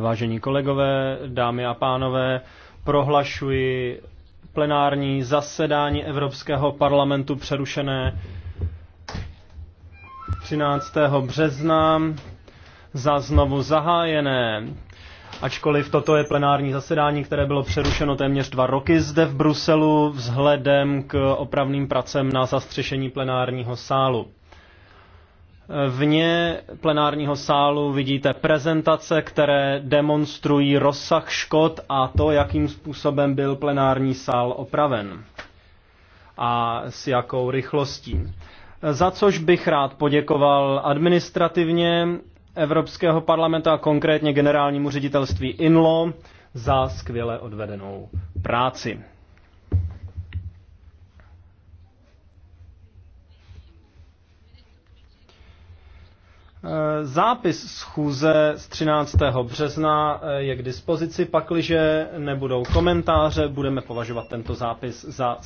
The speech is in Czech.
Vážení kolegové, dámy a pánové, prohlašuji plenární zasedání Evropského parlamentu přerušené 13. března za znovu zahájené. Ačkoliv toto je plenární zasedání, které bylo přerušeno téměř dva roky zde v Bruselu vzhledem k opravným pracem na zastřešení plenárního sálu. Vně plenárního sálu vidíte prezentace, které demonstrují rozsah škod a to, jakým způsobem byl plenární sál opraven a s jakou rychlostí. Za což bych rád poděkoval administrativně Evropského parlamentu a konkrétně generálnímu ředitelství INLO za skvěle odvedenou práci. Eh, zápis schůze z 13. března eh, je k dispozici, pakliže nebudou komentáře, budeme považovat tento zápis za